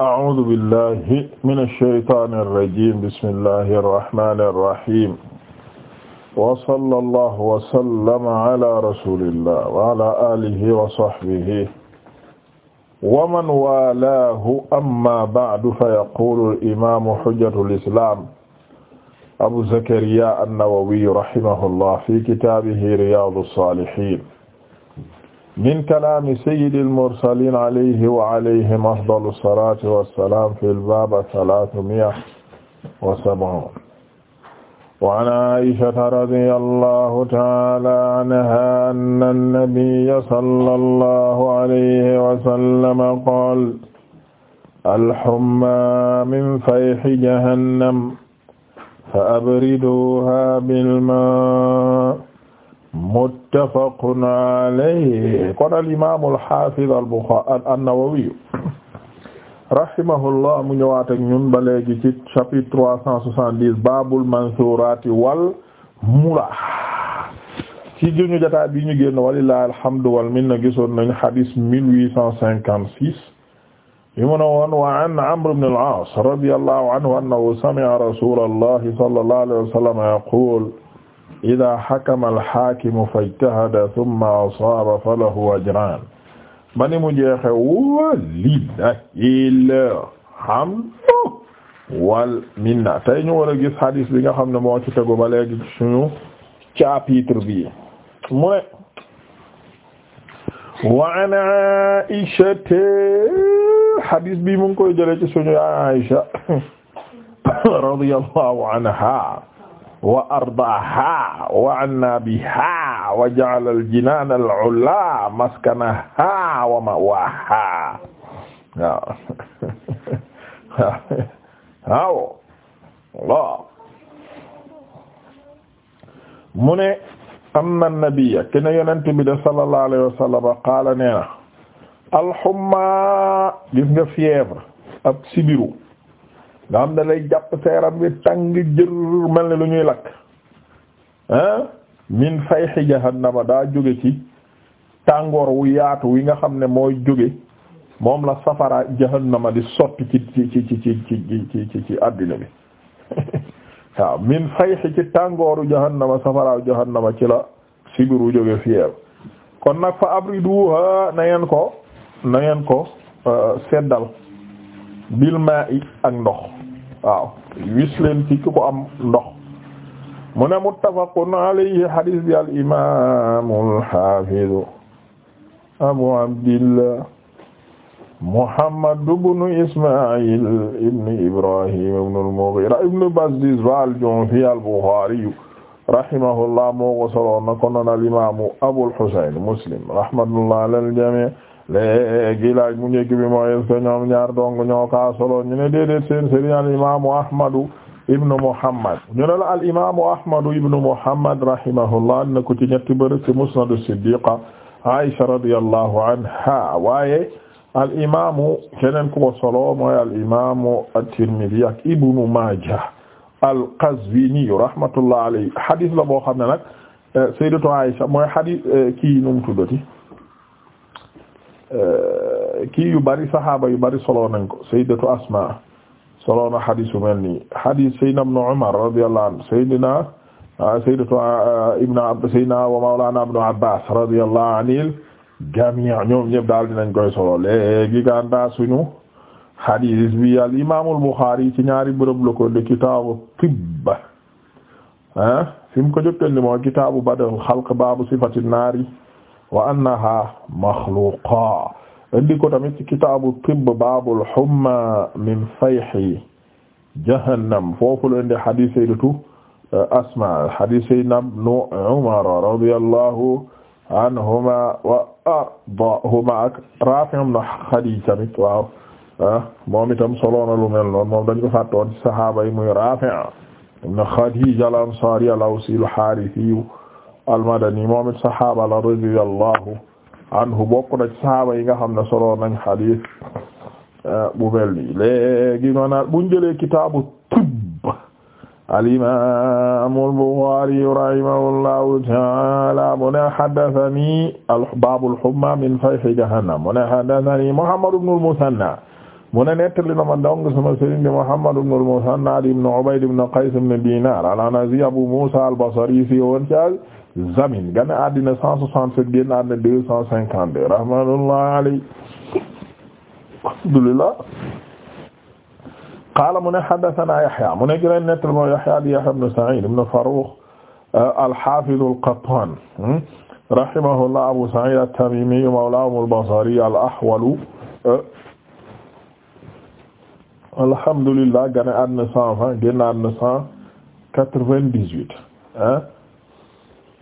أعوذ بالله من الشيطان الرجيم بسم الله الرحمن الرحيم وصلى الله وسلم على رسول الله وعلى آله وصحبه ومن والاه أما بعد فيقول الإمام حجة الإسلام أبو زكريا النووي رحمه الله في كتابه رياض الصالحين min kalaami sayyidil mursaliin alayhi wa alayhim afdalu salaati wa salaam fil baab salaatu mi'a wa sab'uun. wa an Aysata radiyallahu ta'aalaa anhaa anna nabiyya sallallahu alayhi wa sallam qaala al-hummaa min fayhi jahannam fa abriduuhaa bil maa' muttafaqun alayhi kon al imaam al haafiz al Buxaari an-Nawawi mu ñëwaat ak ñun ba léegi ci cent soixante-dix baabul mansuuraati wal mula ci juñu jotaay bi ñu génn walillahi alhamdu wal minna gisoon nañu hadis mille huit cent cinquante-six yi mu ne woon wa an Amr ibn al-Aas radiyallahu anhu annahu sami'a rasulallahi sallallahu alayhi wa sallam yaqul ida hakama alxaakimu fajtahada thumma asaaba falahu ajraan mani mu jeexe walillahil hamdu wal minna tey ñu war a gis hadis bi nga xam ne moo ci tegu ba léegi suñu chapitre bi mu ne wa an Aisha hadis bi mu ngi koy jëlee ci suñu Aisha radiyallahu anha wa ardaaha wa anna biha wa ja'ala al-jinaan al-'ulaa maskanaha wa ma'waaha waaw waaw waaw mu ne anna an-nabiyya kene yonent bi de sallallahu alayhi wa sallam qaala nee na al-hummaa gis nga fièvre ab sibiru nga xam ne lay jàpp sa wi tàng jër mel ni lu ñuy lakk ah min fayhi jahannama daa jóge ci tàngoor wu yaatu wi nga xam ne mooy jóge moom la safara jahannama di sotti ci àddina bi waaw min fayhi ci tàngooru jahannama safaraaw jahannama ci la sibiru jóge fiyeew kon nag fa abriduha na ngeen ko nangeen ko euh, seddal bil ma'i ak ndox waaw wis leen ci ki ko am ndox mu ne muttafaqun alayhi hadis bi al imam al hafiz abu abdillah muhammad ibn isma'il ibn ibrahim ibn al mughira ibn bazdizbah al ju'fi al bukhari rahimahullah moo ko solo na konoon al imam abu al husayn muslim rahmatullah ala al jami' léegi laaj mu njëkk bi mooy est-ce que ñaar dong ñoo ka solo ñu ne déedéet seen sëriñ al imaamu ahmadu ibnu muhammad ñu ne la al imaamu ahmadu ibnu muhammad rahimahullah na ko ci ñetti bërëb ci musnadu anha waaye al imaamu keneen ku ko solo mooy al imaamu at-tirmidhi ak ibnu maaja al qazwini rahmatullah alayhi hadith la boo xam ne nag eh, sayyidatu aisha mooy hadith eh, kii nu kii yu bari saxaaba yu bari solo nañ ko sayyidatu Asma solo na xadis bu mel nii xadis sayyidina ibn Umar radiyallahu anhu sayyidina ah, sayyidatu ah, ibn Abd sayyidina wa mawlana ibn Abbas radiyallahu anil solo léegi gàndaa suñu xadis bi al imaamul Buxaari ci ñaari bërëb la kitaabu tibb ah fi ko jëkkandi mooy kitaabu badal xalq baabu sifatin naari wa annaha maxluqa indi ko tamit ci kitaabu tibb baabul humma min fayhi jahannam foofu la indi hadith sayyidatu uh, asma hadith sayyidina ibnu umar radiyallahu anhuma wa ardaahuma ak raafi' ibnu xadiij tamit waaw uh, moom itam soloona lu mel noonu moom dañ ko fàttoon ci sahaaba yi muy raafi' ibnu xadiij al-ansaari al-awsi al-haarisi al-Madani moom it saxaaba la radiyallahu anhu bokk na ci saxaaba yi nga xam ne solo nañ xadiis eh, bu mel nii léegi noonu daal bu ñu jëlee kitaabu tibb al-imaam al-Buxaari rahimahullahu ta'aala mu ne haddathanii baabul hummaa min fayhi jahannam mu ne haddathanii Muhammad ibn al-Musanna mu ne nettali na ma dong sama sëriñ bi Muhammad ibn al-Musanna ibn Ubayd ibn Qays ibn Dinar al-Anazi Abu Muusa al-Basri fi woon Zamin gane àddina cent soixante-sept génn àddina deux cent cinquante-deux rahmatullahi alayhi alhamdulillah qaala mu ne haddathana Yahya mu ne gëna nettal moo Yahya di Yahya ibn Sa'id ibn Farrukh eh, al-Hafiz al-Qattan hmm? rahimahullah Abu Sa'id at-Tamimi mawlahum al-Basri al-Ahwal eh. alhamdulillah gane àddina cent vingt génn àddina cent quatre-vingt-dix-huit eh.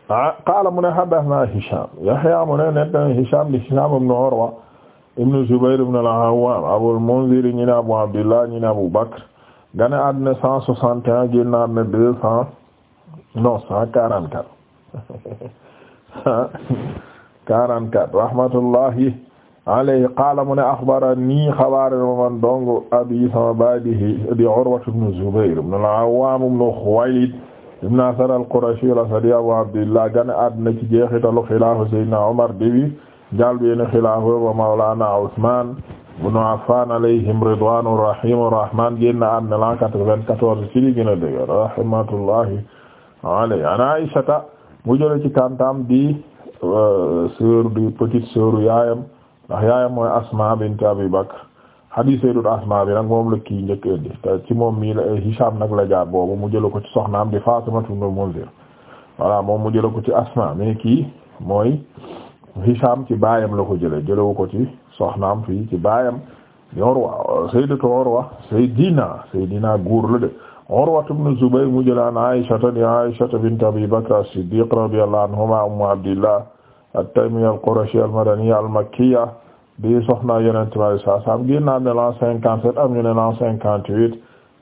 ah qaala mu ne haddathana Hisham Yahya mu ne nettana Hisham di Hisham ibn Urwa ibn Zubayr ibn al-Awwam Abul Munzir ñi ne Abu Abdillah ñi ne Abu Bakr gane àddina cent soixante et un génn àddina deux cent non cent quarante quatre cent quarante quatre rahmatullahi alayhi qaala mu ne akhbarani xabaare man dong abi sama baay di Urwa ibn Zubayr ibn al-Awwam ibn Khuwaylid ibn Asad al-Qurashi al-Asadi Abu Abdillah gane àddina ci jeexitalu xilaafa Seydina Omar dewi njàlbéenu xilaafa wa Mawlana Usman ibn Affan alayhim ridwaanu rahiim rahmaan génn àddina la 94 ci li gën a dëgg rahmatullahi alayhi an Aysata mu jële ci di euh, sœur du petite sœur yaayam ndax yaayam mooy Asma bint Abi Bakr hadis Sayyidatu Asmaa bi nag moom la kii njëkk indi te moom mii la eh, Hicham nag la jaar boobu mu jëla ko ci soxnaam di Fatima ibn Munzir voilà moom mu jëla ko ci Asmaa mais kii mooy Hicham ci baayam la ko jële jëlewu ko ci soxnaam fii ci baayam Urwa Sayyidatu Urwa Seydina Seydina góor la de Urwa mu jëla an Aisha di Aisha bint Abi Bakr as-Siddiq radiyallahu anhuma ummu Abdillah at-Taymiyya al-Qurashiyya al-Madaniyya al-Makkiyya di soxna yonent bi saa saam génnaat ne l'an cinquante-sept am ñu ne l'an cinquante-huit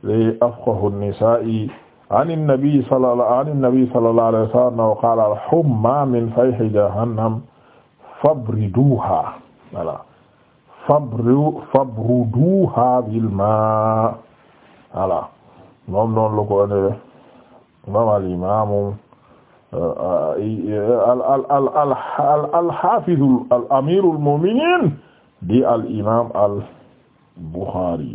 li afqahu nisaa'i an nabi sallallahu an nabi sallallahu alayhi wa sallam wa qaala al-humma min fayhi jahannam fabriduha voilà fabru fabruduha bil ma voilà moom noonu la ko wane imam al imam al al al al al xaafizu al amirul mu'minin di al imaam al Buxaari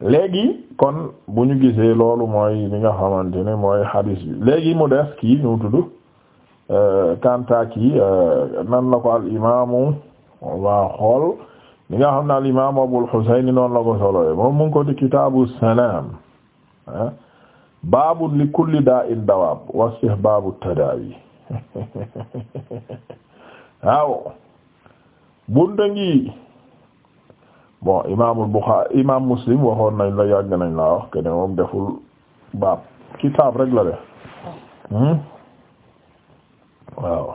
léegi kon bu ñu gisee loolu mooy li nga xamante ne mooy xadiis léegi mu des kii ñu tudd euh, kanta kii euh, nan la al imaamu waa xool li nga xam ne al imaamu Abul Husayn noonu la ko solo moom mu ko di kitaabu salaam ah. baabu li kulli daa'in dawaab wa istihbaabu tadaawi waaw bunta ngi bon imaamul Buxaari imaam Muslim waxoon nañ la yàgg nañ laa wax kene moom deful baab kitaab rek la def hmm? waaw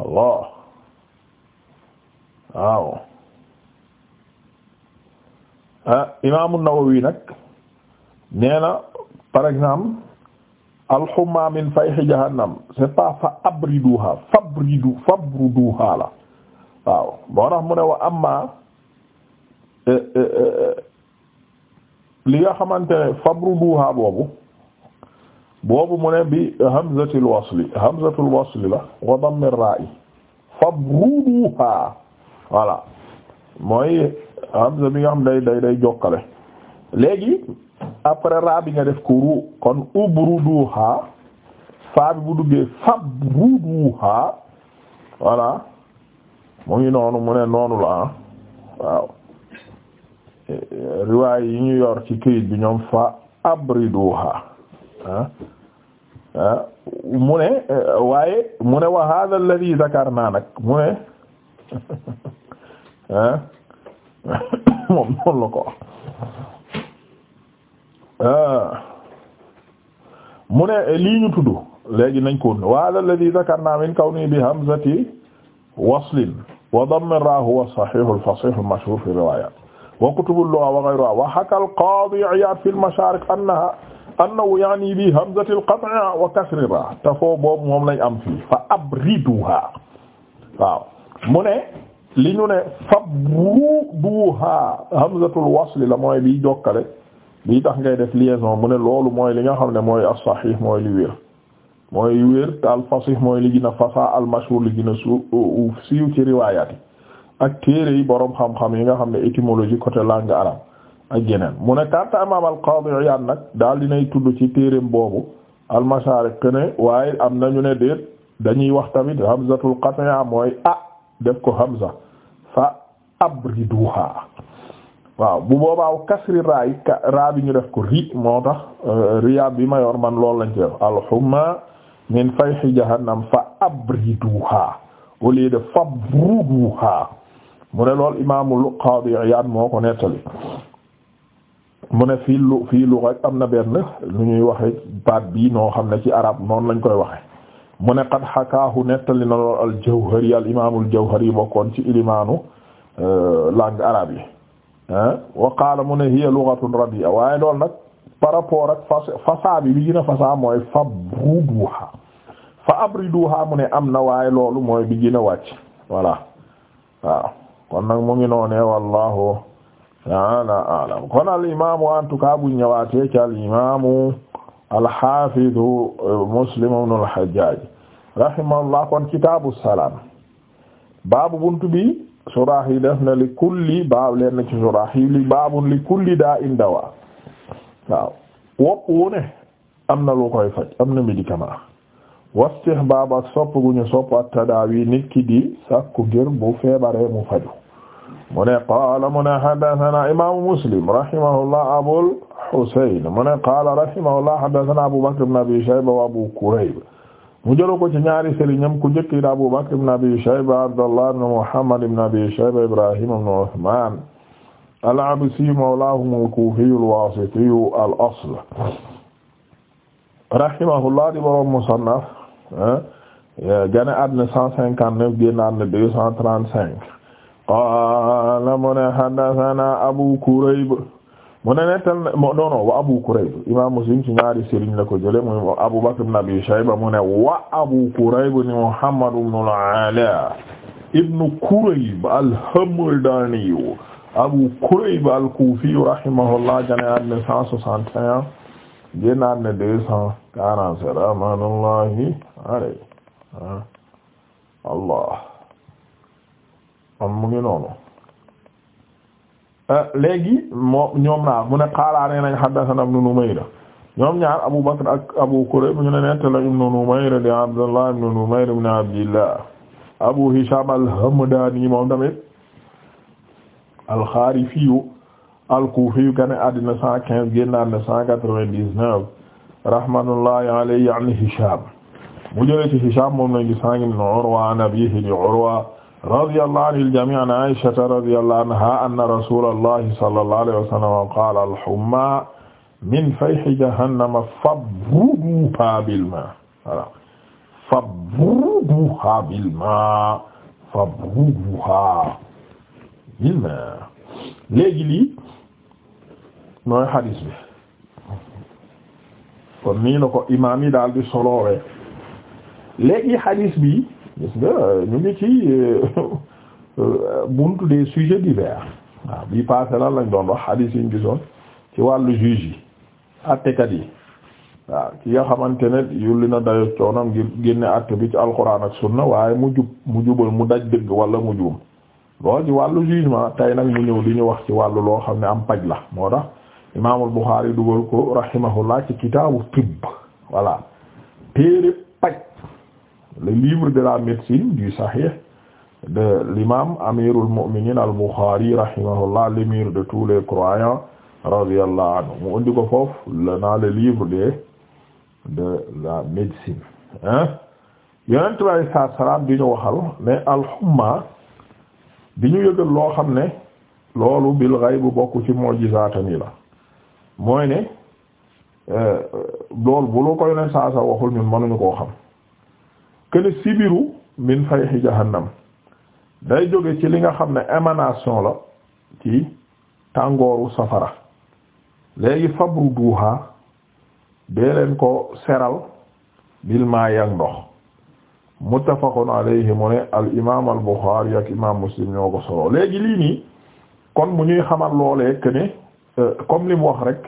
Allah waaw ah imaamul Nawawi nag nee na par exemple alxuma min fayhi jahannam c'est pas fa abriduha fabridu la waaw moo tax mu ne wa amma e, e, e, li nga xamante ne fabruduha boobu boobu mu ne bi hamzatul wasli hamzatul wasli la wa dammir ra'i fabruduha voilà mooy hamza bi nga xam day day jokkale léegi après raa bi nga def ko ru kon ubruduha faa bi bu duggee fabruduha voilà mu ngi noonu mu ne noonu la ah waaw riwaay yi ñu yor ci këyit bi ñoom fa abriduha ah ah mu ne waaye mu ne wa hadha alladhi zakarna nag mu ne ah moom noonu la ko mu ne lii ñu tudd léegi nañ ko wa alladhi dhakarna min kawni bi hamzati waslin wa dammin ra huwa as-sahih al-fasih al-mashhur fi riwayat wa kutub al-lugha wa ghayruha wa haka al-qadi iyad fi al-masharik annaha annahu ya'ni bi hamzati al-qat'a wa kasri ra te foo boobu moom lañ am fii fa abriduha waaw mu ne li ñu ne fabruduha hamzatul wasl la mooy bi jokkale bi tax ngay def liaison mu ne loolu mooy li nga xam ne mooy as-sahih mooy li wér mooy li wér te al-fasih mooy li gën a fasa al-mashhur li gën siiw ci riwaayaat ak téere yi borom xam-xam yi nga xam ne étymologie côté langue arabe ak yeneen mu ne kanta imaam al-Qaadi nag daal dinay tudd ci téereem boobu al-Mashaariq ne waaye am na ñu ne déet dañuy wax tamit hamzatul qat'a mooy ah def ko hamza fa abriduha waaw bu boobaaw kasri raa yi ka raa ñu def ko ri moo tax euh, riyaab bi ma yor man loolu lañ ci def alxuma min fayhi jahannam fa abriduha au lieu de fabruduha mu ne lool imaamul qaadi Iyaad moo ko nettali mu ne fii lu fii lu rek am na benn lu ñuy waxe baat bii noo xam ne ci arab noonu lañ koy waxe mu ne qad hakaahu nettali na lool al jawhari al imaamul jawhari bokkoon ci ilimaanu euh, langue arabe yi wa qaala mu ne hiya lughatun radia waaye loolu nag par rapport ak fas fasaa bi bi gën a fasaa mooy fabruduha fa abriduha mu ne am na waaye loolu mooy bi gën a wàcc voilà waaw kon nag mu ngi noonee wallahu ta'ala a'lam kon al imamu en tout cas bu ñëwaatee ci al imamu al hafiz muslim ibn al hajjaj rahimahullah kon kitaabu salaam baabu buntu bi suraax yi def na li kulli baab leen na ci suraax yi li baabun li kulli daa in dawa waaw am na lu faj am na médicament wastihbaab ak sopp gu ñu sopp at tadaawi nit ki di sakku ngir bu mu faju mu ne qaala mu muslim rahimahullah abul husayn mu ne qaala rahimahullah abu bakr ibn abi shayba wa abu kurayb mu jëloo ko ci ñaari sëriñam ku njëkk di Abu Bakr ibn Abi Shayba Abdullah ibn Muhammad ibn Abi Shayba Ibrahim ibn Uthman al-Absi mawlahum al-Kufi al-Wasiti al-asl rahimahullah di borom musannaf gane àddina 159 génn àddina 235 qaala mu ne haddathana Abu Kurayb mu ne nettal non non wa Abu Kurayb imam Muslim ci ñaari sëriñ la ko jële mu Abu Bakr ibn Abi Shayba mu ne wa Abu Kurayb ni Muhammad ibn al-Ala Kurayb al-Hamdani Abu Kurayb al-Kufi rahimahullah jane adne cent soixante et un génn adne deux cent quarante-sept ah, Allah am mu ngi noonu Euh, léegi moo ñoom mu ne xaalaa nee nañ haddathana ibn Numayr ñoom ñaar Abu Bakr ak Abu Kurayb ñu ne nettala ibn Numayr di Abdullah ibn Numayr ibn Abu Hisham al-Hamdani moom al-Kharifiyu al-Kufiyu gane àddina cent quinze génn àddina cent quatre vingt neuf rahmatullahi alayhi an Hisham mu jëlee ci Hisham moom lañ gi sangin Urwa an abihi Urwa radiyallahu anil jamii' an Aysata radiyallahu anha anna rasulallahi sallallahu alayhi wa sallam qaala al-hummaa min fayhi jahannama fabruduhaa bil-maa' voilà fabruduhaa bil-maa' fabruduhaa bil-maa' léegi lii mooy hadiis bi kon nii la ko imaam yi daal di solowe léegi hadiis bi. gis nga ñu ngi ci euh, buntu des sujets divers waaw bii passé lan lañ doon wax hadith yi ñu gisoon ci wàllu juge yi àttekat yi waaw ki nga xamante ne li na dayo coonam ngir génne àtte bi ci alquran ak sunna waaye mu jub mu jubal mu daj dëgg walla mu juum loolu ci wàllu jugement tey nag mu ñëw di ñu wax ci wàllu loo xam ne am paj la moo tax imaamul Buxaari dugal ko rahimahullah ci kitaabu tibb voilà téere paj le livre de la médecine du Sahih de l'imam amirul mu'minin al Bukhari rahimahullah l'émir de tous les croyants radiyallahu anhu mu indi ko foofu la le livre de la médecine hein yonent bi alei salatua salam ñu waxal mais alxumma di ñu yëgal loo xam ne loolu bil ghaib bu bokk ci mu'jizaatam yi mooy ne euh, loolu bu ko yonent saa sa waxul ñun mënuñu koo xam këne sibiru min fayhi jahannam day jóge ci li nga xam ne émanation la ci tàngooru safara léegi fabru duha dee leen ko seral bil maa yak ndox muttafaqun alayhi mu ne al imaam al buxaari ak imaam muslim ñoo ko solo léegi lii nii kon mu ñuy xamal loolee que ne euh, li mu wax rek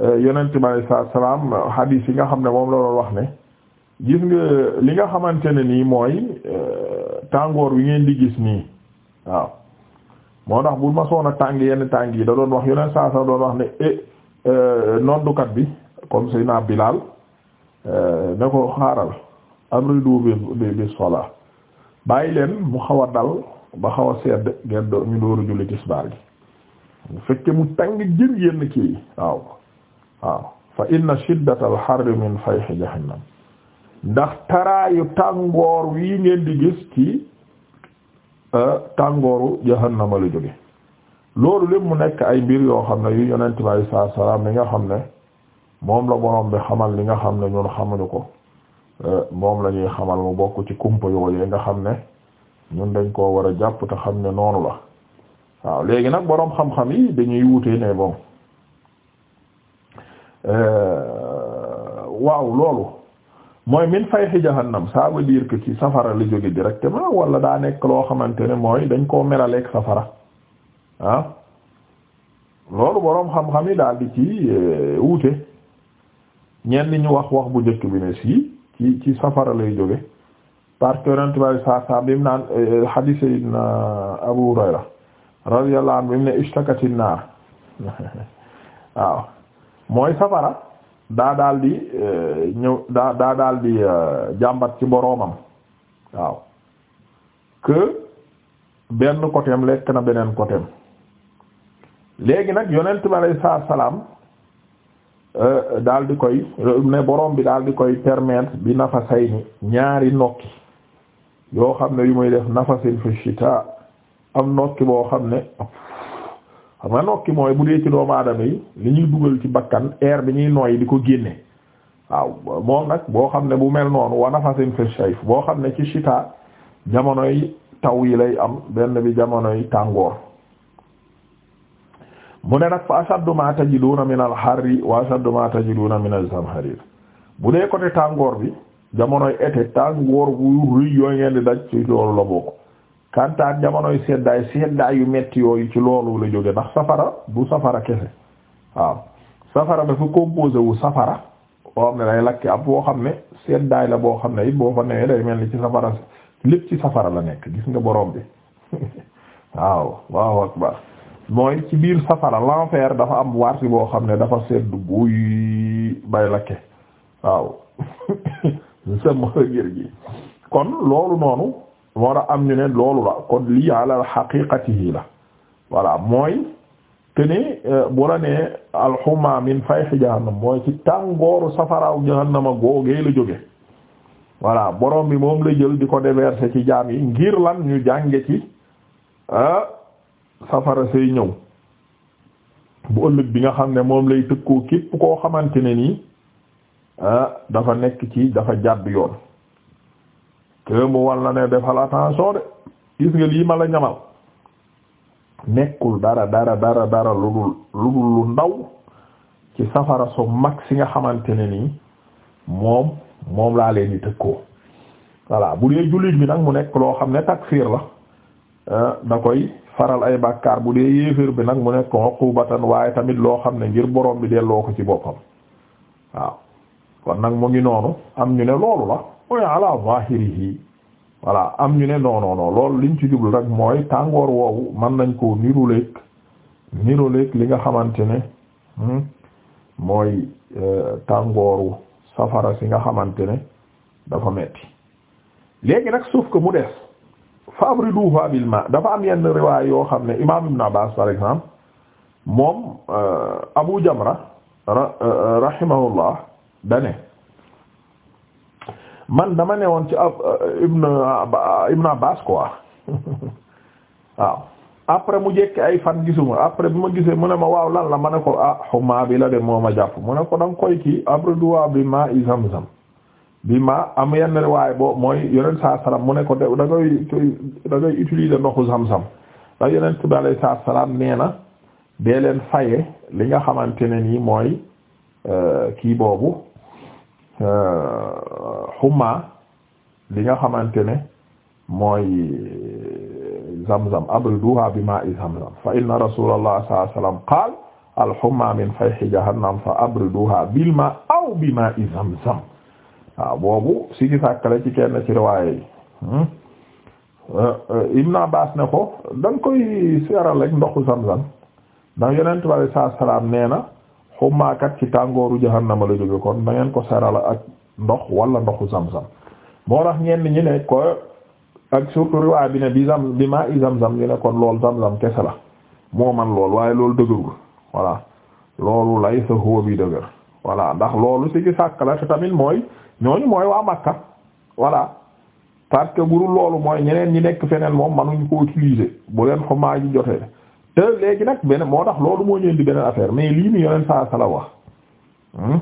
euh, yonent bi alayhi salaam hadith nga xam ne moom la wax ne gis nga li nga xamante ne nii mooy euh, tàngoor bi ngeen di gis nii waaw moo tax bu ma soona tàng yenn tàng yi da doon wax yeneen saa saa doon wax ne e bi comme Seydina Bilal euh, ne ko xaaral abridu bi bi bi sola bàyyi leen mu xaw a dal ba xaw a sedd ngeen ñu dooru julli tisbaar mu tàng jër yenn kii waaw waaw fa inna shiddatal harri min fayhi jahannam ndax taraayu tàngoor wii ngeen di gis ci euh, tàngooru jahannama jóge loolu lépp mu nekk ay mbir yoo xam ne yu yonent bi alayhi salaatu li nga xam ne moom la borom bi xamal li nga xam ne ñun xamuñu ko euh, moom la ñuy xamal mu bokk ci kumpa yooyu nga xam ne ñun dañ koo war a jàpp te xam ne noonu la waaw léegi nag boroom xam-xam yi dañuy wutee ne bon euh, waaw loolu. mooy min fayhi jahannam ça veut dire que ci safara la jóge directement wala daa nekk loo xamante ne mooy dañ koo meraleeg safara ah. loolu boroom xam-xam yi daal di ci eh, wuute ñenn ñu wax wax bu njëkk bi ne sii ci safara lay jóge parce que yonent bi saa saa bi mu naan eh, hadith sayyidina Abu Hurayra radiyallahu anhu bi mu ne ishtakatin naar waaw mooy safara daa daal di eh, ñëw daa daa daal di eh, jàmbat ci boroomam waaw que benn côtéem lekk na beneen côtéem léegi nag yonent bi alayhi salaam eh, daal di koy ne borom bi daal di koy permettre bi nafasay ni ñaari nokki yoo xam ne yu muy def nafasin fi shita am nokki boo xam ne xam nga nokki mooy bu dee ci doomu aadama yi li ñuy dugal ci bakkan air bi ñuy nooy di ko génne waaw moom nag boo xam ne bu mel noonu wa nafasin fi shayf boo xam ne ci shita jamonoy taw yi lay am benn bi jamonoy tàngoor mu ne nag fa ashaddu ma tajiduna min al harri wa ashaddu ma tajiduna min al zamharir bu dee côté tàngoor bi jamonoy été tàngoor bu rëy yooy ngeen di daj ci loolu la bokk kantaan jamonoy seddaay seddaay yu metti yooyu ci loolu la jóge ndax safara du safara kese waaw safara dafa composé wu safara boo xam ne day lakki ab boo xam ne seddaay la boo xam ne it boo fa newee day mel ni ci safara lépp ci safara la nekk gis nga borom bi waaw waaw akbar mooy ci biir safara l'enfer dafa am warti boo xam ne dafa sedd buy bay lakke waaw sama gër gi kon loolu noonu moo tax am ñu ne loolu la kon lii ala haqiqatihi la voilà mooy te ni euh, bu la nee alxuma min fayhi jahannam mooy ci tàngooru safaraaw jahannama googee la jóge voilà borom bi moom la jël di ko déverser ci jaam yi ngir lan ñu jànge ci euh, safara say ñëw bu ëllëg bi nga xam ne moom lay tëkkoo képp koo xamante ne nii euh, dafa nekk ci dafa jàdd yoon te mu walla ne defal attention de gis nga lii ma la ñamal nekkul dara dara dara dara lu dul lu ndaw ci safara su mag si nga xamante ne nii moom moom laa leen di tëkkoo voilà bu dee jullit bi nag mu nekk loo xam ne takfiir la ah, da koy faral ay bàkkaar bu dee yéeféer bi nag mu nekk uqubatan waaye tamit loo xam ne ngir boroom bi delloo ko ci boppam waaw kon nag mu ngi noonu am ñu ne loolu la mooy ala zahirihi voilà am ñu ne non non non loolu liñ ci jublu rek mooy tàngoor woowu mën nañ ko niruleeg niruleeg li nga xamante ne hmm, mooy euh, tàngooru safara si nga xamante ne dafa metti léegi nag sauf que mu des fa abriduha bil ma dafa am yenn riwaay yoo xam ne imam ibn Abbas par exemple moom euh, Abu Jamra euh, rahimahullah dane man dama ne woon ci ab euh, ibn euh, ibn Abbas quoi waaw après mu jekki ay fan gisuma après bi ma gisee mu ne ma waaw lan la ma ne ko ah xuma bi la de moo ma jàpp mu ne ko danga koy kii abredowa bi ma i zam-zam bi ma am yenn waaye bo mooy yeneen saa salaam mu ne ko de da ngay da ngay utiliser ndoxu zam-zam ndax yeneen bi salaam nee na dee leen li nga xamante ne nii mooy euh, kii boobu xuma euh, li nga xamante ne mooy euh, zamzam abruduha bi ma'i zamzam fa inna rasulallah sallallahu alayhi wasallam qaala al-humma min fayhi jahannam fa abruduha bil ma aw bi ma'i zamzam waaw boobu si gi sàkkale ci kenn ci riwaaya yi hmm? euh, Ibn Abbas ne ko da nga koy seeral rek ndoxu zamzam ndax yonent bi sallallahu alayhi wasallam nee na xummaakat ci tàngooru jahannama la jóge kon na ngeen ko sarala ak ndox wala ndoxu zamzam moo tax ñenn ñi ne ko ak surtout riwaay bi ne bi zam bi maa i zamzam ñu ne kon lool zamzam kese la moo man lool waaye loolu dëgërul voilà loolu lay sa huwa bi dëgër voilà ndax loolu si ki sàkk la te tamit mooy ñooñu mooy waa Makka voilà parce que bu loolu mooy ñeneen ñi nekk feneen moom manuñ ko utiliser bu leen xumaa ji jotee te léegi nag beneen moo tax loolu moo ñëw di beneen affaire mais lii ni yoneen saa sala wax hmm?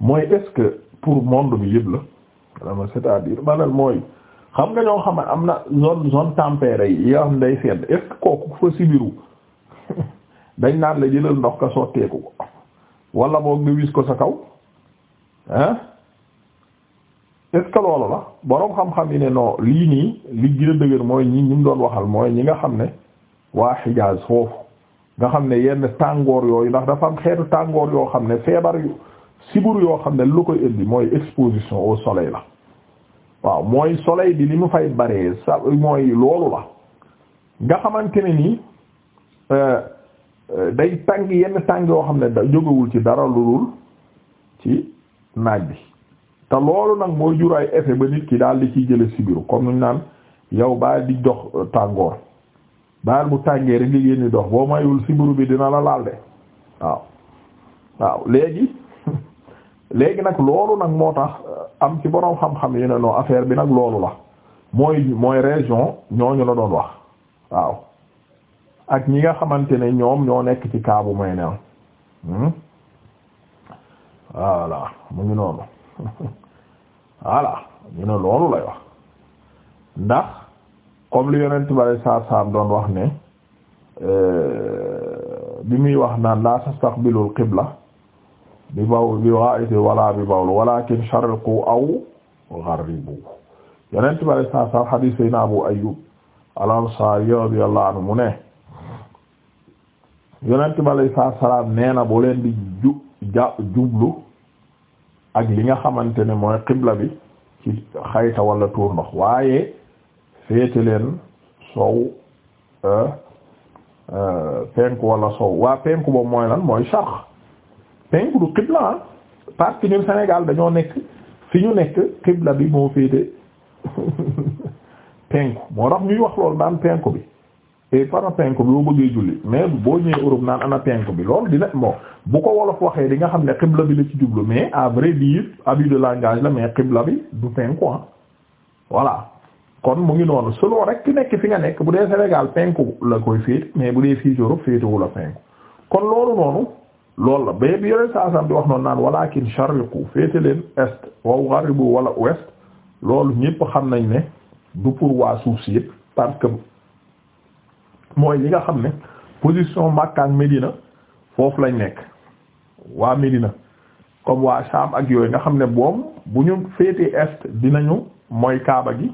mooy est-ce que pour monde bi yëpp la dama c'est-à-dire maanaam mooy xam nga ñoo xam am na zone zone tempérée yi yoo xam ne day sedd est kooku fa sibiru dañ naan la jëlal ndox ka sotteeku ko wala boog nga ko sa kaw ah est loolu la boroom xam-xam yi ne noo lii nii li gën a dëgër mooy ñi ñu doon waxal mooy ñi nga xam ne waa Hijaaz foofu nga xam ne yenn tàngoor yooyu ndax dafa am xeetu tàngoor yoo xam ne feebar yu sibur yoo xam ne lu koy indi mooy exposition au soleil la waaw mooy soleil bi li mu fay baree sa mooy loolu la nga xamante ne nii euh, euh, day tàng yenn tàng yoo xam ne da jógewul ci dara lu dul ci naaj bi. te loolu nag mooy jur ay effet ba nit ki daal di ciy jële sibiru comme nuñ naan yow bàyyi di dox euh, tàngoor bàyyil bu tàngee rek nga génn dox boo mayul sibiru bi dina la laal de waaw waaw léegi léegi nag loolu nag moo tax euh, am ci boroom xam-xam yu ne noo affaire bi nag loolu la mooy mooy région ñooñu la doon wax waaw ak ñi nga xamante ne ñoom ñoo nekk ci kaabu may neel hmm, voilà mu ngi noonu voilà ñu ne loolu lay wax ndax comme li yonent bari saa doon wax ne euh, bi muy wax naan laa tastaqbilul qibla bi baw bi wa'id wala bi bawl walakin sharqu aw gharribu yonent bari saa saam hadith sayna Abu Ayyub al-Ansari radiyallahu anhu mu ne yonent bari saa salaam bu leen di jublu ak li nga xamante ne mooy xibla bi ci xayta wala tuur ndox waaye féete leen sow euh, euh, penku wala sow waa penku boobu mooy lan mooy charx penku du xibla ah parce que dañoo nekk fi ñu nekk xibla bi moo féete penku moo tax ñuy wax loolu daan penku bi et ana penk bi boo bëggee julli mais boo ñëwee Europe naan ana penk bi loolu dina bon bu ko wolof waxee di nga xam ne xibla bi la ci jublu mais à vrai dire abus de langage la mais xibla bi du penku ah voilà kon mu ngi noonu selon rek ki nekk fi nga nekk bu dee Sénégal penku la koy féete mais bu dee fii ci Europe féetewu la kon loolu noonu loolu la ba bi yore saa sam bi wax noonu naan walakin sharriqu féete leen est wa gharibu wala ouest loolu ñëpp xam nañ ne du pour suuf si yëpp parce mooy ñi nga xam ne position Makka ak Medina foofu lañ nekk waa Medina comme waa Sham ak yooyu nga xam ne boom bu ñu féetee est dinañu mooy Kaaba gi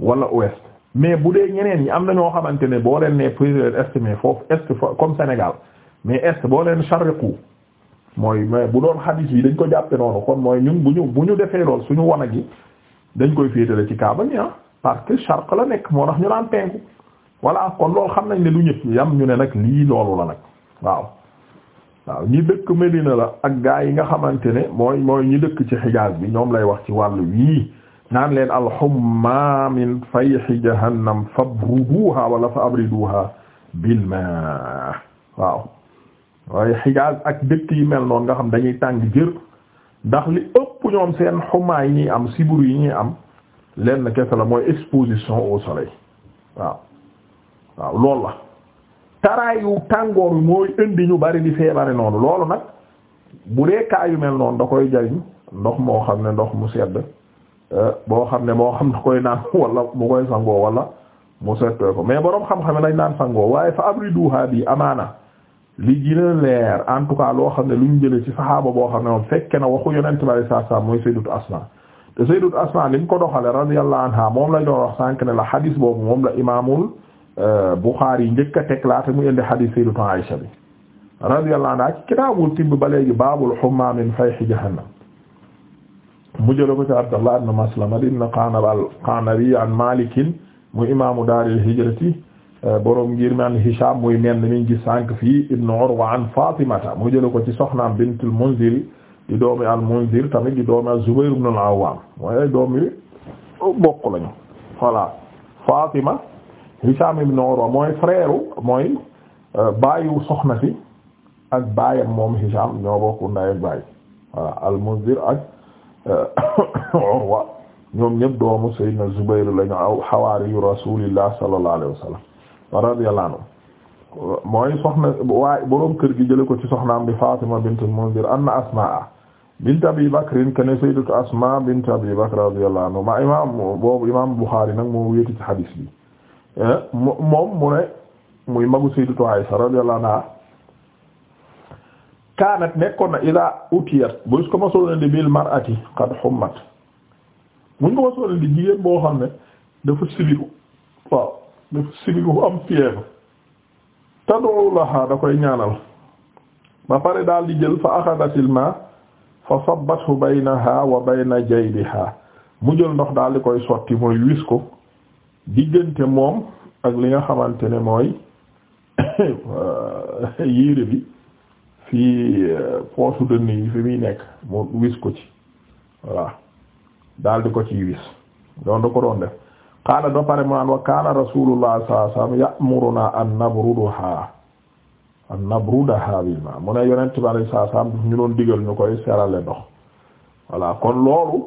wala ouest mais bu dee ñeneen ñi am na ñoo xamante ne boo leen nee président est mais foofu est comme Sénégal mais est boo leen charriqu mooy mais bu doon xadiis yi dañ ko jàppe noonu kon mooy ñun bu ñu bu ñu defee lool suñu wana yi dañ koy féetale ci Kaaba gi ah parce que charq la nekk moo nax ñu naan penku voilà kon loolu xam nañ ne du ñëpp yam ñu ne nag lii loolu la nag waaw waaw ñi dëkk Medina la ak gaa yi nga xamante ne mooy mooy ñi dëkk ci xijaas bi ñoom lay wax ci wàllu wii naan leen alxumma min fayhi jahannam fabruduha wala fa abriduha xijaas ak dëkk yi mel noonu nga xam dañuy tàng jër ndax li ëpp ñoom seen xumaa yi ñuy am sibur yi ñuy am lenn kese la mooy exposition au soleil waaw waaw loolu la taraayu tàngoor mooy indi ñu bari di feebare noonu loolu nag bu dee kaa yu mel noonu da koy jariñ ndox moo xam ne ndox mu sedd euh, boo xam ne moo xam da koy naan wala mu koy sangoo wala mu settee ko mais boroom xam-xam naan sangoo waaye fa abriduha bi amaana li gën a leer en tout cas loo xam ne lu ñu jëlee ci saxaaba boo xam ne moom fekke na waxu yonent bari saa saa mooy sayyidatu Asma te sayyidatu Asma li ñu ko doxale radiyallahu anha moom la wax sànk ne la hadis boobu moom la imaamul Euh, Bukhari njëkk a teg laata mu indi hadith Sayyidatu Aisha bi radiyallahu anha ci kitaabul tibb ba léegi baabul humma min fayhi jahannam mu jëla ko ci Abdallah ibn Maslama ibn Qanab al-Qanabi an Malik mu imaamu daaril hijrati euh, borom ngir man Hisham muy menn mi ngi sànq fii ibn Urwa an Fatimata mu jëla ko ci soxnaam bintul Munzir di doomi al-Munzir tamit di doomi az-Zubayr ibn al-Awwam mooy doomi bokk lañu Fatima Hisham ibn Urwa mooy frère mooy euh, baayu soxna si ak baayam moom Hisham ñoo bokk ndey ak baay voilà al-Mundhir ak euh, Urwa ñoom ñëpp doomu Sayyidina Zubayr lañu aw hawaariyu Rasulillah sallallahu alayhi wa sallam wa radiyallahu anhu mooy soxna waaye boroom kër gi jële ko ci soxnaam bi Fatima bint al-Mundhir anna Asmaa bint Abi Bakr kana sayyidatu Asmaa bint Abi Bakr radiyallahu anhu ma imaam boobu imaam Bukhari nag moo wéetu ci hadis bi Eh, moom mu ne muy magu sayyidatu Aisha radiyallahu anha kaanat nekkoon na ila utiyat buñ ko ma soona di bil mar'ati qad hummat buñ ko ma soona di jigéen boo xam ne dafa sibiru waaw dafa sibiru am fièvre tad'u laha da koy ñaanal ba pare daal di jël fa axadatil ma fa sabbathu baynaha wa bayna jaydiha mu jël ndox daal di koy sotti mooy wis ko diggante moom ak li nga xamante ne mooy yére bi fii euh, poosu dënn yi fi muy nekk mu wis ko ci voilà daal di ko ci wis doon da ko doon def xaala da pare mu naan wa kaana rasulullah sallallahu alayhi wasallam ya'muruna an nabrudaha an nabrudaha bil ma mu ne yonent bi sallallahu alayhi wasallam ñu doon digal ñu koy serale ndox voilà kon loolu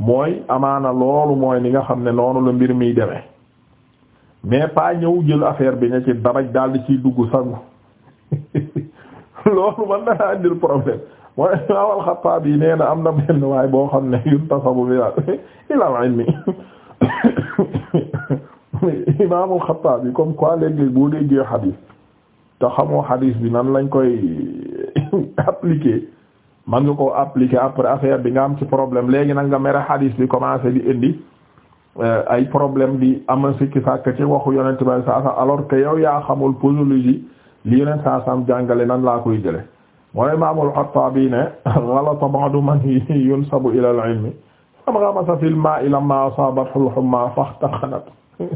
mooy amaana loolu mooy li nga xam ne noonu la mbir miy demee mais pas ñëw jël affaire bi ña ci daraj daal di ciy dugg sangu loolu man danaa indil problème mooy awal xapaab yi nee am na benn waay boo xam ne yun tasabu bi la ilal ilmi imaamul xapaab yi comme quoi léeg boo déggee xadiis te xamoo xadiis bi nan lañ koy appliquer man nga ko appliquer après affaire bi nga am ci problème léegi nag nga mere hadis bi commencé di indi euh, ay problème di ama sikki sàkk ci waxu yonent bay alors que yow yaa xamul posologie li yonent saasam jàngale nan laa koy jële mooy imaamul Xattaabi ne galata ba'du man yunsabu ila al-ilmi fam ghamasa fil maa'i lamma asaabathu al-humma faxtaxanat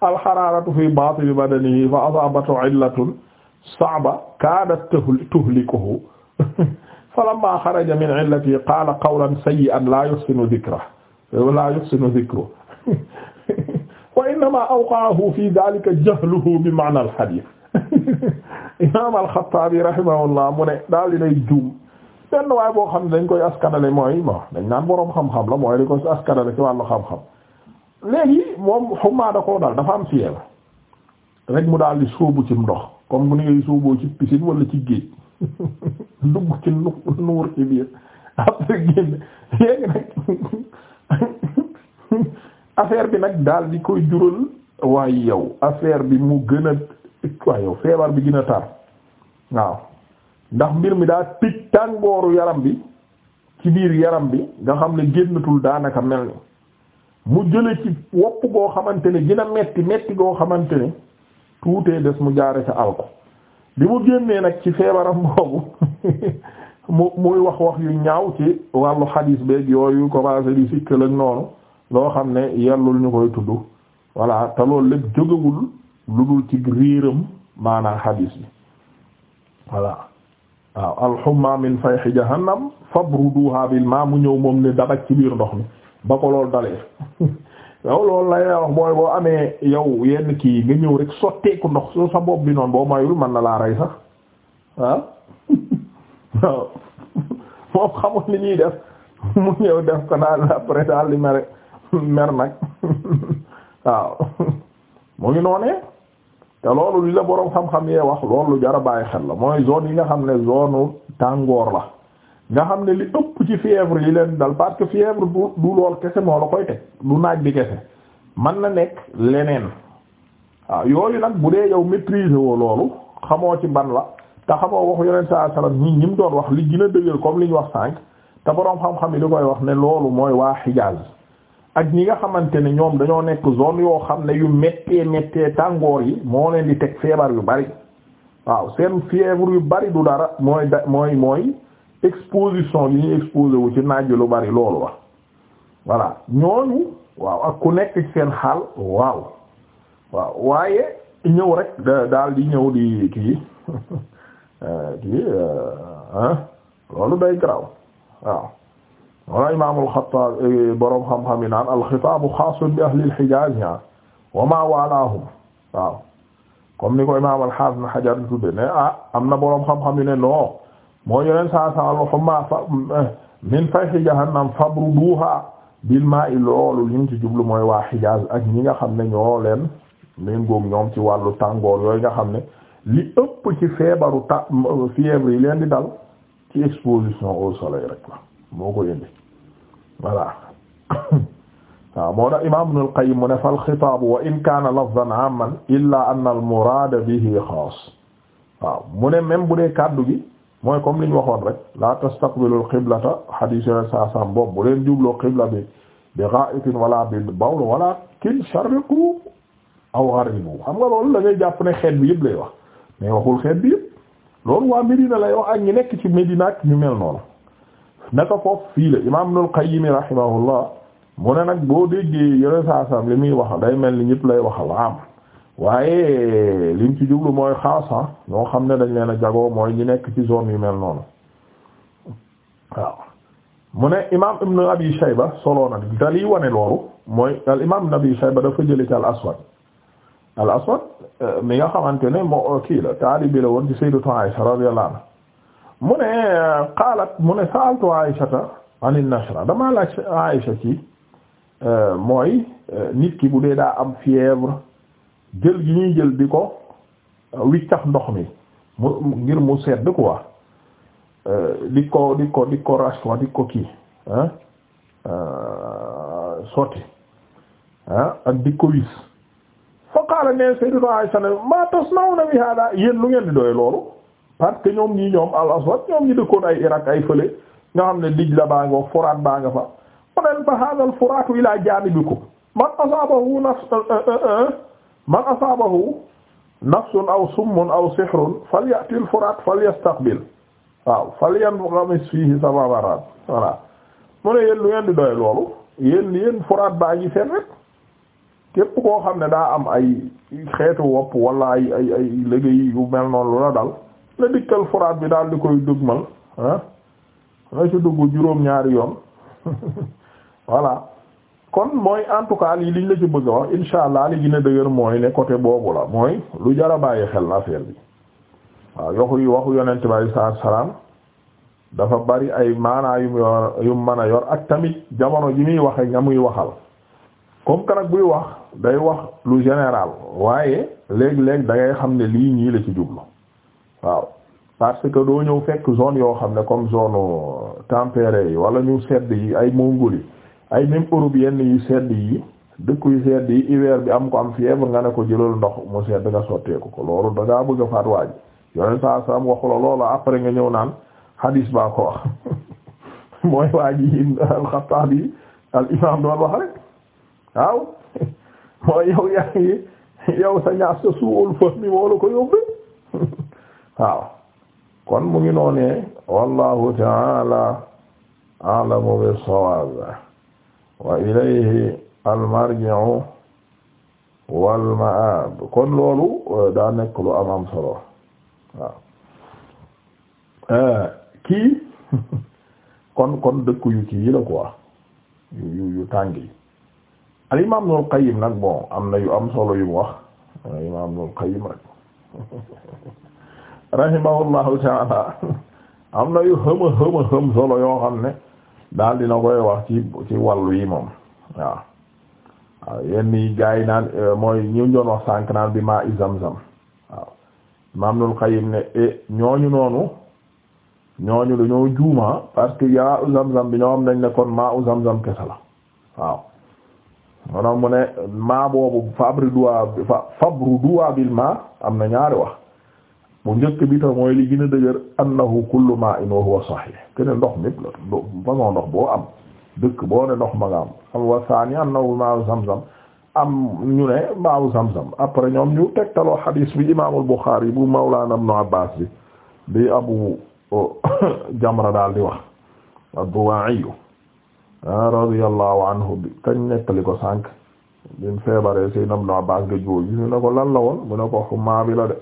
al-haraaratu fi baatini badanihi fa asaabathu illatun sa'ba kaadat falamma xaraja min illati qaala qawlan sayyi'an laa yuhsinu dhikrahu laa yuhsinu dhikruhu wa innama awqa'ahu fi dhalika jahluhu bi ma'na al-hadith imam al-Khattabi rahimahullah mu ne daal dinay juum benn waaye boo xam ne dañ koy askanale mooy bon dañ naan boroom xam-xam la mooy dañ koy askanale ci wàllu xam-xam léegi moom xummaa da koo dal dafa am fièvre rek mu daal di sóobu ci ndox comme bu ni ngay sóoboo ci piscine wala ci géej dugg ci nuur ci biir après bi nag daal di koy jural waaye yow affaire bi mu gën a waaye yow feebar bi gën a tar waaw ndax mbir mi daa tij tàngooru yaram bi ci biir yaram bi nga xam ne génnatul daanaka mel ni mu jële ci wopp goo xamante ne gën metti metti goo xamante ne tuutee des mu jaare ca alko li mu génnee nag ci feebaram boobu mu muy wax wax yu ñaaw ci wàllu xadiis beeg yooyu commencé di sikkal ak noonu loo xam ne yellul ñu koy tudd voilà te loolu lépp jógewul lu dul ci riiram maanaa xadiis bi voilà waaw alxumma min fayhi jahannam fabruduha bil ma mu ñëw moom ne dabaj ci biir ndox mi ba ko lool dalee yow loolu lay wax booy boo amee yow yenn kii nga ñëw rek sotteeku ndox su sa bopp bi noonu boo mayul mën na laa rey sax ah waaw moom xamul li ñuy def mu ñëw def ko daal après daal di mer mer nag waaw mu ngi noonee te loolu li la boroom xam-xam yee wax loolu jara bàyyi xel la mooy zone yi nga xam ne zone tàngoor la nga xam ne li ëpp ci fièvre yi leen dal parce que fièvre du du lool kese moo la koy teg du naaj bi kese man na nekk leneen waaw ah, yooyu nag bu dee yow maîtriser woo loolu xamoo ci ban la te xamoo waxu yeneen sa salaam ñi ñi mu doon wax li gën a dëgër comme li ñu wax sànq te boroom xam-xam yi di koy wax ne loolu mooy waa Hijaz ak ñi nga xamante ne ñoom dañoo nekk zone yoo xam ne yu méttee méttee tàngoor yi moo leen di teg feebar yu bari waaw seen fièvre yu bari du dara mooy da mooy mooy. exposition bi ñu exposé wu ci naaj lu bari loolu la voilà ñooñu waaw ak ku nekk ci seen xaal waaw waaw waaye ñëw rek daal di ñëw di kii eh, eh, ah, loolu day graw waaw wala imaamul Xattaab eh, boroom xam-xam yi naan alxitaabu xaasun bi ahlil Hijaaz ah, wa maa waalaahum waaw comme ni ko imaam al-Haafiz Ibn Hajar ne ah am na boroom xam-xam yi ne non moo ñu leen saa saal xumma fa min fayhi jahannam fabruduha bil maa'i loolu li ñu ci jublu mooy waa Hijaaz ak ñi nga xam ne ñoo leen leen ñoom ci wàllu tàngoor yooyu nga xam ne li ëpp ci feebaru ta fièvre yi leen di dal ci exposition au soleil rek la moo ko yëndi voilà waaw moo tax imaam Ibnul Qayyim mu ne fal xitaabu wa in kaana lafzan illa anna al bihi xaas waaw mu ne même bu dee kàddu gi mooy comme li ñu waxoon rek la tastaqbilul qiblata hadis yoneen saa sam boobu bu leen jubloo qibla bi bi gha'itin wala bi bawl wala kin sharriqu aw gharibu xam nga loolu da ngay jàpp ne xeet bi yëpp lay wax mais waxul xeet bi yëpp loolu waa Médina lay wax ak ñi nekk ci Médina ak ñu mel noonu naka foofu fii la imaam Ibnul Qayyim rahimahullah mu ne nag boo déggee yoneen saa sam li muy wax day mel ni ñëpp lay wax al am waaye liñ ci jublu mooy xaasa ah, ñoo xam ne dañ leen a jagoo mooy ñi nekk ci zone yu mel noonu waaw mu ne imam ibn abi shayba soloo na te liy wane loolu mooy al imam ibn abi shayba dafa jële ci al aswad al aswad euh, mi nga xamante ne moo euh, kii la taalibi la woon ci sayyidatu aisha radiyallahu anha mu ne euh, qaalat mu ne sa'altu aishata anin nashra damaa laaj aisha ci mooy nit ki bu dee daa am fièvre jël gi ñuy jël di ko euh, wiccax ndox mi mu ngir mu sedd quoi euh, di ko di ko di ko racwa di ko kii euh, sotti ak di ko wis fa qaala ne sayyidatu Aisha ma tasna'una bi hada yéen lu ngeen di doy loolu parce que ñoom ñi ñoom al aswad ñoom ñi dëkkoon ay Irak ay fële nga xam ne Dijla baa nga Furaat baa fa mu neen fa hada al furaatu ila jaanibikum man asaabahu nafs man asaabahu nafsun aw summun aw sihrun falyatil furaat falyastaqbil waaw falyangamis fiihi sab'a marrat voilà mu ne yéen lu ngeen di doy loolu yéen yéen furaat baa ngi seen rek képp koo xam ne daa am ay xeetu wopp wala ay ay ay yu mel noonu lu la dal na dikkal furaat bi daal di koy dugmal ah na ci dugg juróom-ñaari yoon voilà. kon mooy en tout cas lii liñ la ci bëgg a wax insha allah li gën a dëgër mooy ne côté boobu la mooy lu jar a bàyyi xel affaire bi waaw yoxu waxu yonent bi alayhi salaam dafa bari ay maanaa yu yor yu mën a yor ak tamit jamono ji muy waxee nga muy waxal comme que buy wax day wax lu général waaye léeg-léeg da ngay xam ne lii ñii la ci jublu waaw parce que doo ñëw fekk zone yoo xam ne comme zone tempérée yi wala ñu sedd yi ay Mongolie ay même Europe yenn yu sedd yi dëkk yu sedd yi hiver bi am ko am fièvre nga ne ko jëlal ndox mu sedd nga sotteeku ko loolu da bëgg faat waaj yoneen saa saa mu waxula loola après nga ñëw naan hadis baa ko wax mooy waaj yi alxataab yi al imaam wax rek waaw mooy yow yaa ngi yow sa ñaar sa suul fa mi moo la ko yóbbee waaw kon mu ngi noonee wallahu taala a'lamu bis-sawab wa ilayhi almarji'u wal ma'ab kon loolu euh, daa nekk lu am am solo waaw euh, kii kon kon dëkku yu kii yi la quoi yu yu yu tàng al imaam Ibnul Qayyim nag bon am na yu am solo yu mu wax al euh, imaam Ibnul Qayyim rek rahimahullahu ta'ala am na yu xëma xëma xëm solo yoo xam ne daal dina koy wax ci ci yi moom waaw waaw yenn gaay naan euh, mooy ñu doon wax sànk naan bi maa i zamzam waaw Imaam Ibnul Qayyim ne eh, ñooñu noonu ñooñu dañoo juuma parce que yaa u zamzam bi ñoo am nañ ne kon maa u zamzam kese la waaw monoom mu ne maa boobu fabru duwa fa fabru am na ñaari wax bu njëkk bi tam mooy li gën a dëgër annahu kullu ma'in wa boo am dëkk boo ne ndox ma nga am am wa saani annahu ma'u zamzam am ñu ne ma'u zamzam après ñoom ñu bi imaamul Bukhari bu mawlana ibn Abbas bi bi abu oh, jamra daal di wax ad-Duwa'i ah, radiyallahu anhu bi kañ nekkali ko sànq bi mu feebaree Sayyidina ibn Abbas nga jooy ñu ne ko lan la xumaa bi la de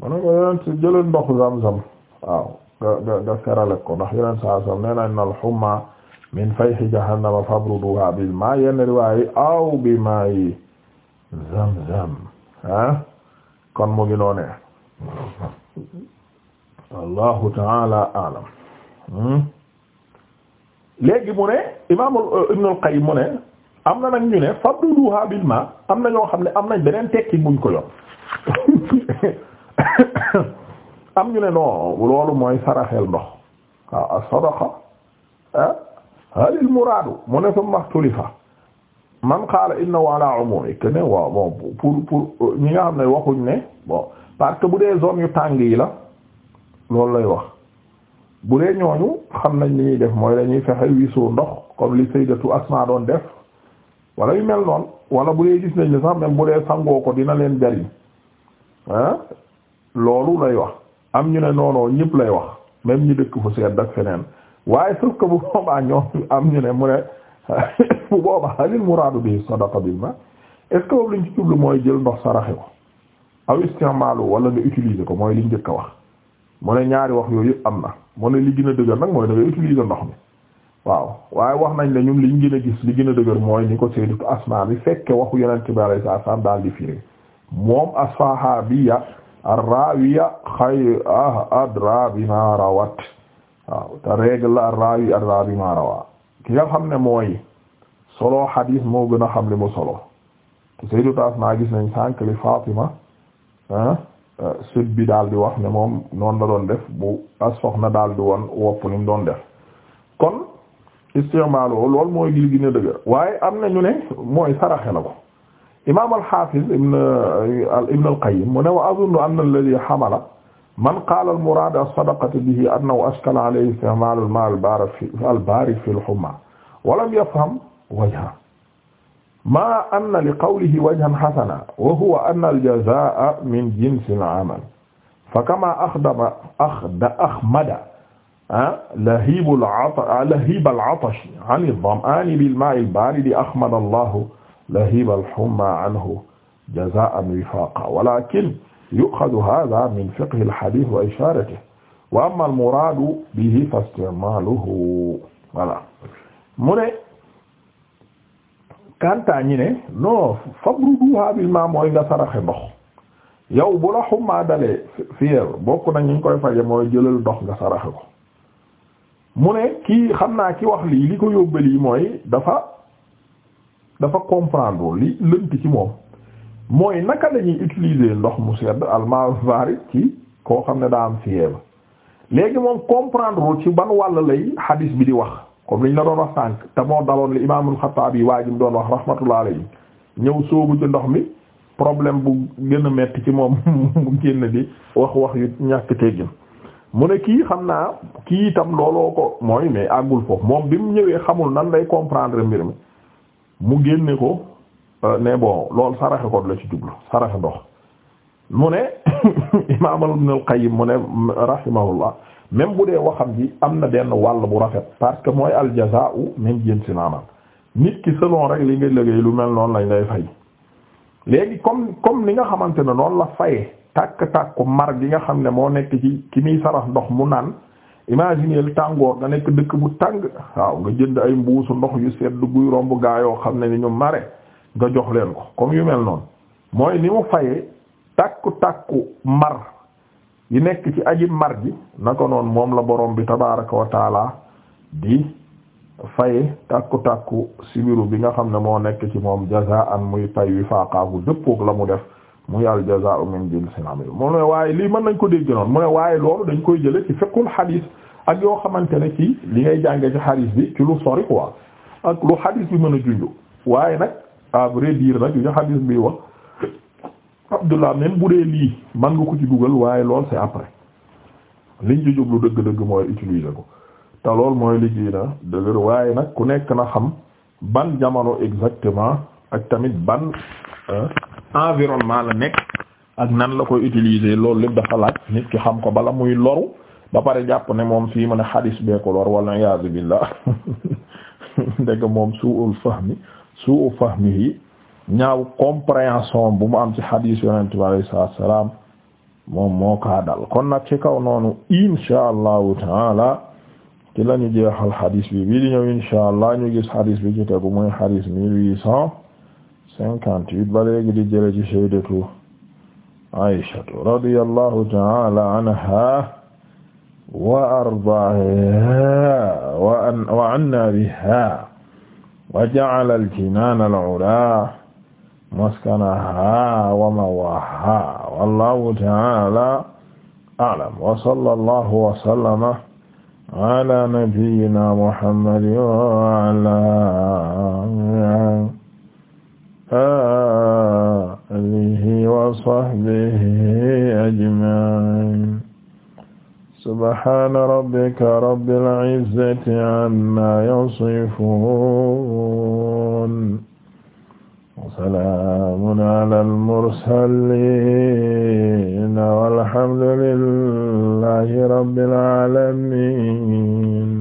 ma ne ko yeneen si jëlal ndoxu zam-zam waaw nga nga nga ferale ko ndax yeneen saa sam nee na al humma min fayhi jahannama fabruduha bil ma yenn riwaayi aw bi maayi zam-zam ah kon mu ngi noonee taala alam hmm? léegi mu ne imaam euh, Ibnul Qayyim mu ne am na nag ñu ne fabruduha bil ma am na ñoo xam ne am nañ beneen tekki buñ ko yoon am ñu ne non loolu mooy saraxel ndox waaw ah, as-sadaqa ah, halil muraadu mu ne fa maxtulifa man qaala inna wala umumi que ne waaw bon pour pour ñi nga xam ne waxuñ ne bon parce bu dee zone yu tàng yi la loolu lay wax bu dee ñooñu xam nañ li ñuy def mooy dañuy fexe wisoo ndox comme li sayyidatu Asma doon def wala yu mel noonu wala bu dee gis nañ ne sax même bu dee sangoo ko dina leen jariñ ah loolu lay wax am ñu ne noonoo ñëpp lay wax même ñu dëkk fu sedd ak feneen waaye sauf que bu boobaa ñoom am ñu ne mu ne bu boobaa halil muraadu bi sadaqa bil ma est-ce que boobu lañ ci jublu mooy jël ndox saraxe ko aw istimaalu wala nga utiliser ko mooy liñ njëkk a wax mu ne ñaari wax yooyu yëpp am na mu ne li gën a dëgër nag mooy da nga ndox mi waaw waaye wax nañ la ñun ñu gën a gis li gën a dëgër mooy ni ko Sayyidatu Asmaa bi fekke waxu yenee bi sallallahu alayhi daal di firé moom as-sahaabiyya arrawiya xay ah, adra bima rawat waaw te règle ki nga xam ne mooy solo xadiis moo gën a xam li mu solo te Seydou Tass naa gis nañ sànq li Fatima ah, sët bi daal di wax ne moom noonu la doon def bu as soxna daal di woon wopp ni mu doon def kon isticmaalo loolu mooy gil gën a dëgër waaye am na ñu ne mooy saraxe la ko imaam al-Hafiz ibn ibn al-Qayyim mu ne wa azunnu anna alladhi hamala man qaala al-muraad as-sadaqatu bihi annahu ashkala alayhi isticmaal al-maa' al-baarid fi al-hummaa wa lam yafham wajhahu maa anna li qawlihi wajhan hasanan wa huwa anna al-jazaa'a min jinsi al-amal fakamaa axdama axda axmada lahiib al-'atash 'an ad-dam'aan bil-maa' al-baarid axmada Allahu lahiba al-humma anhu jazaa'an wifaaqan walaakin yu'khadhu haadha min fiqhi al wa ishaaratihi wa amma al bihi fa-isticmaaluhu voilà mu ne kanta ñi ne non fabruduha bil maa mooy nga saraxe ndox yow bu la xummaa dalee fièvre bokk na ñu koy faje mooy jëlal ndox nga saraxe ko mu ne kii xam naa ki wax lii li ko dafa dafa comprendre li lënt ci moom mooy naka la ñuy utiliser ndox mu sedd almaa varit ci koo xam ne daa am fièvre léegi moom comprendre ci ban wàll lay hadis bi di wax comme liñ la doon wax sànq te moo daloon li imaamul Xattaabi waajum doon wax rahmatullah alayhi ñëw soobu ci ndox mi problème bu gën a metti ci moom mu génn di wax wax yu ñàkk teggin mu ne kii xam naa kii itam looloo ko mooy mais àggul foofu moom bi mu ñëwee xamul nan lay comprendre mbir mu génne ko euh, ne bon loolu saraxe ko la ci jublu saraxe ndox mu ne imaam Ibn al mu ne rahimahullah même bu dee waxam ji am na benn wàll bu rafet parce que mooy al-jazaa'u min jinsi al nit ki selon rek li nga liggéey lu mel noonu lañ lay fay léegi comme comme ni nga xamante ne noonu la faye tàkk tàkk ko mar gi nga xam ne moo nekk ci ki muy sarax ndox mu naan imagineel tàngoor nga nekk dëkk bu tàng waaw nga jënd ay mbuusu ndox yu sedd guy romb gaayoo xam ne ni ñu mare nga jox leen ko kom yu mel noonu mooy ni mu fayee takku takku mar yi nekk ci aji mar ji naka noonu moom la borom bi tabaaraka wa taala di faye takku takku sibiru bi nga xam ne moo nekk ci moom jazaan muy pay wi faaqaagu dëppook la mu def muy al-jazaa'u min jinsil amal mu ne waaye lii mën nañ ko dégg noonu mu ne waaye loolu dañ koy jële ci fiqhul hadis ak yoo xamante ne ci li ngay jànge ci hadis bi ci lu sori waa ak lu hadis bi mën a junj waaye nag à vrai nag yu hadis bi wax Abdullah même bu dee lii mën nga ko ci dugal waaye lool c'est après liñ ci jublu dëgg-dëgg mooy utiliser ko te lool mooy liggéey na dëgër waaye nag ku nekk na xam ban jamono exactement ak tamit ban environnement la nekk ak nan la ko utiliser loolu lépp dafa nit ki xam ko bala muy loru ba pare jàpp ne moom fii mën a xadis bee ko lor wala iyaazu billah dëgg moom suul fahmi suul fahmi yi ñaaw compréhension bu mu am ci xadis yonent bi alayhi salaam moom moo kaa dal kon nag ci kaw noonu insha allahu taala ci la ñu jeexal xadis bi bii di ñëw insha allah ñu gis xadis bi ci tegu muy xadis mille huit cent cinquante huit ba léegi di jële ci sayyidatu Aysatu radiyallahu ta'ala anha wa ardaaha wa anna biha wa ja'ala al-jinaana al-'ulaa maskanaha wa mawaaha wallahu ta'ala a'lam wa sallallahu wa sallama ala nabiyyina Muhammadin wa ala alihi wa sahbihi ajma'in subhana rabbika rabbil izzati amma yasifun salamun ala al-mursalin walhamdulillahi rabbil alamin